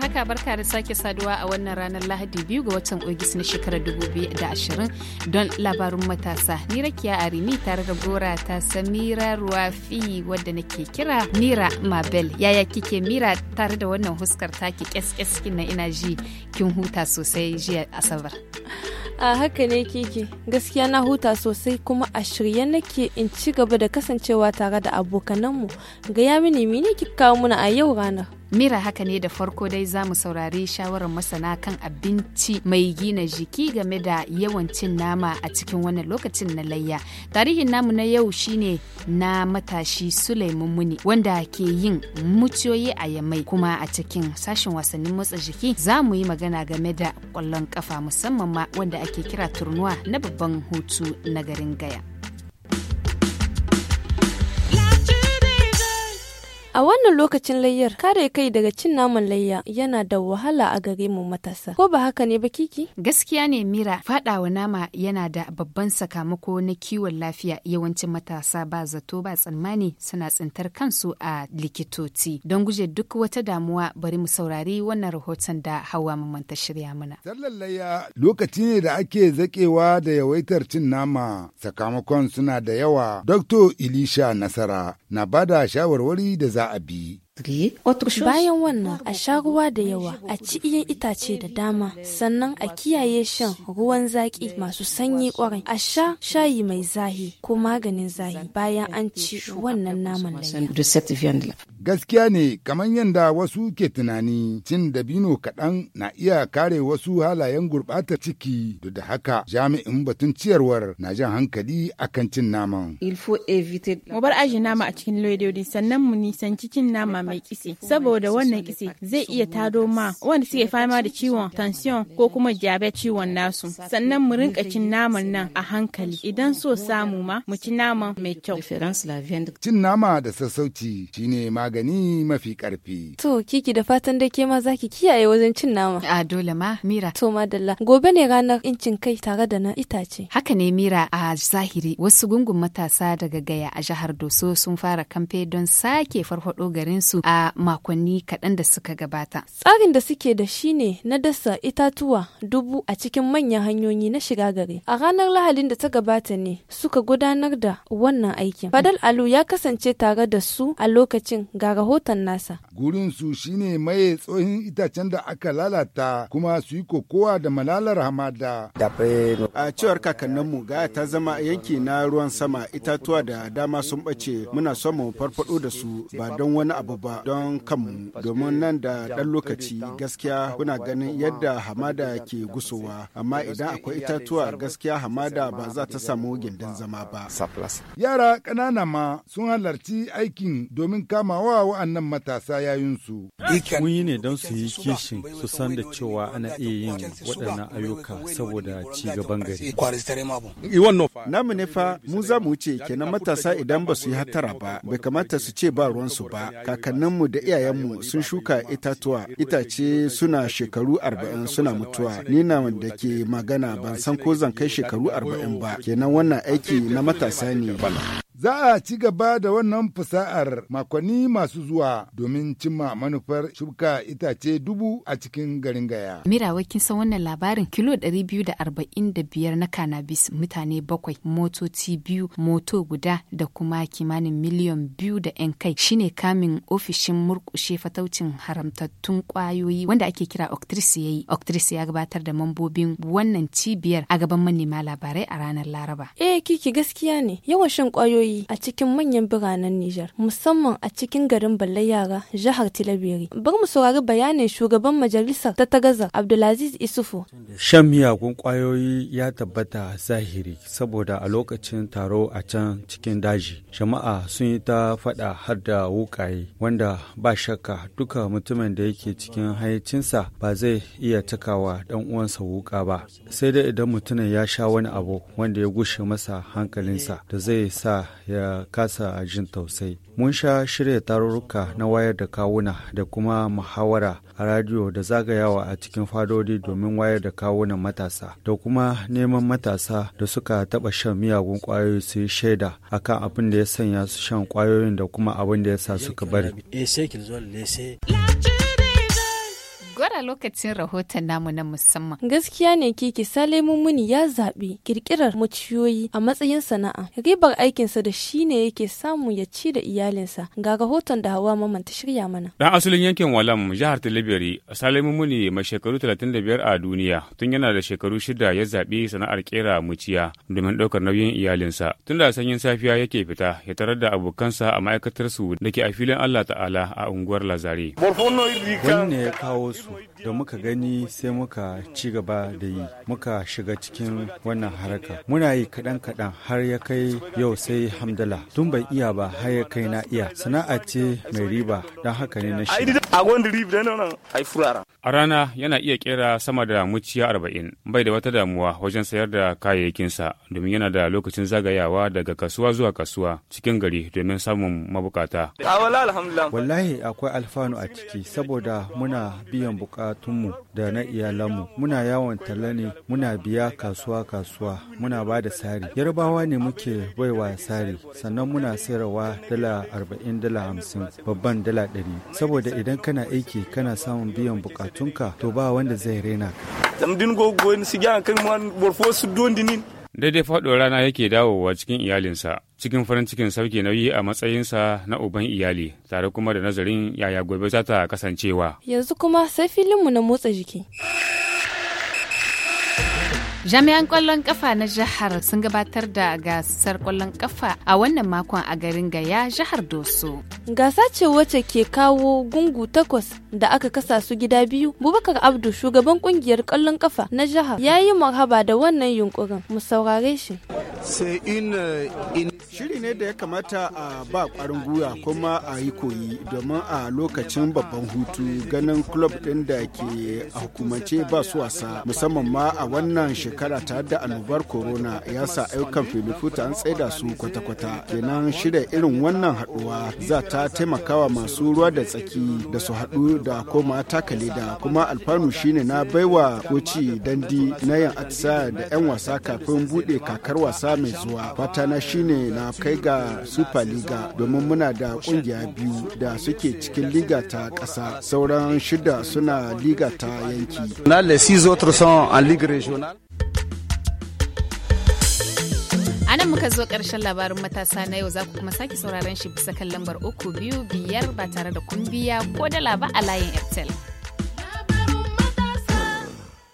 haka barka da sake saduwa a wannan ranar Lahadi biyu ga watan Ogis na shekarar ashirin don labarun matasa. Ni Rakiya Arimi tare da gora ta Samira Ruwafi wadda nake kira Mira Mabel. Yaya kike Mira tare da wannan huskar taki kyaskyaskin na ina ji kin huta sosai jiya Asabar. a haka ne kike gaskiya na huta sosai kuma a shirye nake in ci gaba da kasancewa tare da abokananmu ga ya mini mini kika kawo muna a yau ranar Mira haka ne da farko dai za mu saurari shawarar masana kan abinci mai gina jiki game da yawan cin nama a cikin wannan lokacin na layya. Tarihin namu na yau shine na matashi Sulaiman Muni wanda ke yin mucoyi a yamai kuma a cikin sashen wasannin motsa jiki za mu yi magana game da kwallon kafa musamman ma wanda ake kira turnuwa na babban hutu na garin Gaya. A wannan lokacin layyar kare kai daga cin naman layya yana da wahala a gare mu matasa. Ko ba haka ne ba kiki? Gaskiya ne Mira fadawa nama yana da babban sakamako na kiwon lafiya yawancin matasa ba zato ba tsammani suna tsintar kansu a likitoci. Don guje duk wata damuwa bari mu saurari wannan rahoton da Hawa Mamman ta shirya mana. Sallar layya lokaci ne da ake zakewa da yawaitar cin nama sakamakon suna da yawa. Dr. Ilisha Nasara na bada shawarwari da za I a bi Bayan wannan a sha ruwa da yawa a ci iyan itace da dama sannan a kiyaye shan ruwan zaƙi masu sanyi ƙwarai a sha shayi mai zahi ko maganin zahi bayan an ci wannan naman da Gaskiya ne kamar yadda wasu ke tunani cin dabino kaɗan na iya kare wasu halayen gurɓatar ciki duk da haka jami'in batun ciyarwar na jan hankali a kan cin naman. Mu bar aji nama a cikin lododi sannan mu nisanci cin nama mai kisi saboda wannan kisi zai iya tado ma wanda suke fama da ciwon tension ko kuma diabetes ciwon nasu sannan mu rinka cin naman nan a hankali idan so samu ma mu ci naman mai kyau cin nama da sassauci shine magani mafi karfi to kiki da fatan da ke ma zaki kiyaye wajen cin nama a dole ma mira to madalla gobe ne ranar incin kai tare da na itace haka ne mira a zahiri wasu gungun matasa daga gaya a jihar doso sun fara kamfe don sake farfado garin su a makonni kaɗan da suka gabata. Tsarin da suke da shi ne na dasa itatuwa dubu a cikin manyan hanyoyi na shiga gari. A ranar Lahadin da ta gabata ne suka gudanar da wannan aikin. Fadal Alu ya kasance tare da su a lokacin ga rahoton nasa. Gurin su shine maye tsohin itacen da aka lalata kuma su yi kokowa da malalar hamada. A cewar kakanninmu gaya ta zama yanki na ruwan sama itatuwa da dama sun ɓace muna son mu farfado da su ba don wani abu ba. ba don kanmu domin nan da ɗan lokaci gaskiya kuna ganin yadda hamada ke gusowa amma idan akwai itatuwa gaskiya hamada ba za ta samu gindin zama ba. Yara ƙanana ma sun halarci aikin domin kamawa wa'annan matasa yayinsu. Mun yi ne don su yi kishin su san da cewa ana iya yin waɗannan ayyuka saboda ci gaban gari. namu ne fa mu za mu wuce kenan matasa idan ba su yi hatara ba bai kamata su ce ba ruwansu ba kakanninmu da iyayenmu sun shuka itatuwa itace suna shekaru arba'in suna mutuwa ni na da ke magana ban san ko zan kai shekaru arba'in ba kenan wannan aiki na matasa ne Za a ci gaba da wannan fasa'ar makonni masu zuwa domin cimma manufar shuka itace dubu a cikin garin Gaya. mira kin san wannan labarin kilo 245 na cannabis mutane bakwai motoci biyu moto guda da kuma kimanin miliyan biyu da 'yan kai shine kamin ofishin murkushe fataucin haramtattun kwayoyi wanda ake kira octris ya yi. Octris ya gabatar da mambobin wannan cibiyar a gaban manema labarai a ranar Laraba. Eh kiki gaskiya ne yawan shan kwayoyi yi a cikin manyan biranen Nijar, musamman a cikin garin Balle Yara, jihar Tilabiri. Bar mu saurari bayanin shugaban majalisar ta Tagaza Abdulaziz Isufu. Shan miyagun kwayoyi ya tabbata zahiri saboda a lokacin taro a can cikin daji. Jama'a sun yi ta fada har da wukaye wanda ba shakka duka mutumin da yake cikin hayacinsa ba zai iya takawa dan uwansa wuka ba. Sai dai idan mutumin ya sha wani abu wanda ya gushe masa hankalinsa da zai sa ya kasa jin tausai. Mun sha shirya tarurruka na wayar da kawuna da kuma muhawara a radio da zagayawa a cikin fadodi domin wayar da kawunan matasa da kuma neman matasa da suka taɓa shan miyagun kwayoyi su yi shaida akan abin da ya sanya su shan kwayoyin da kuma abin da ya sa suka bari. gwada lokacin rahoton namu na musamman. Gaskiya ne kiki Sale muni ya zaɓi ƙirƙirar muciyoyi a matsayin sana'a. Ribar aikinsa da shi ne yake samu ya ci da iyalinsa. Ga rahoton da Hawa Maman ta shirya mana. Dan asalin yankin Walam, jihar Talibiri, Sale muni mai shekaru 35 a duniya, tun yana da shekaru shida ya zaɓi sana'ar ƙera muciya domin ɗaukar nauyin iyalinsa. Tun da sanyin safiya yake fita, ya tarar da abokansa a ma'aikatarsu da ke a filin Allah Ta'ala a unguwar Lazare. ne ya kawo su su da muka gani sai muka ci gaba da yi muka shiga cikin wannan haraka muna yi kaɗan kaɗan har ya kai yau sai hamdala tun bai iya ba har ya kai na iya sana'a ce mai riba don haka ne na shi a rana yana iya kera sama da muciya arba'in bai da wata damuwa wajen sayar da kayayyakinsa domin yana da lokacin zagayawa daga kasuwa zuwa kasuwa cikin gari domin samun mabukata wallahi akwai alfanu a ciki saboda muna biyan bukatunmu da na iyalanmu muna yawon talla ne muna biya kasuwa kasuwa muna ba da sari yarbawa ne muke baiwa sari sannan muna sayarwa dala arba'in dala hamsin babban dala ɗari saboda idan kana aiki kana samun biyan bukatunka to ba wanda zai raina ka. daidai faɗo rana yake dawowa cikin iyalinsa cikin farin cikin sauke nauyi a matsayinsa na uban iyali tare kuma da nazarin yaya gobe za ta kasancewa yanzu kuma sai filinmu na motsa jiki Jami'an kwallon kafa na jihar sun gabatar da gasar kwallon kafa a wannan makon a garin Gaya jihar Doso. Gasa ce wacce ke kawo gungu takwas da aka kasa su gida biyu. Bubakar Abdu shugaban kungiyar kwallon kafa na jihar ya yi da wannan yunkurin mu saurare shi. Eh, Shiri ne da ya kamata a ba kwarin gwiwa kuma a yi koyi domin a lokacin babban hutu ganin club ɗin da ke a hukumance ba su wasa musamman ma a wannan shekara ta da annobar corona ya sa ayyukan filifuta an tsaida su kwata-kwata kenan shirya irin wannan haɗuwa za ta taimakawa masu ruwa da tsaki da su haɗu da koma taka leda kuma alfanu shine na baiwa koci dandi na yin atisa da 'yan wasa kafin buɗe kakar wasa wasa mai zuwa fatana shine na kai ga super liga domin muna da kungiya biyu da suke cikin liga ta ƙasa sauran shida suna liga ta yanki A nan muka zo ƙarshen labarin matasa na yau za ku kuma sake sauraron shi bisa kan lambar uku biyu biyar ba tare da kumbiya ko da ba a layin Airtel.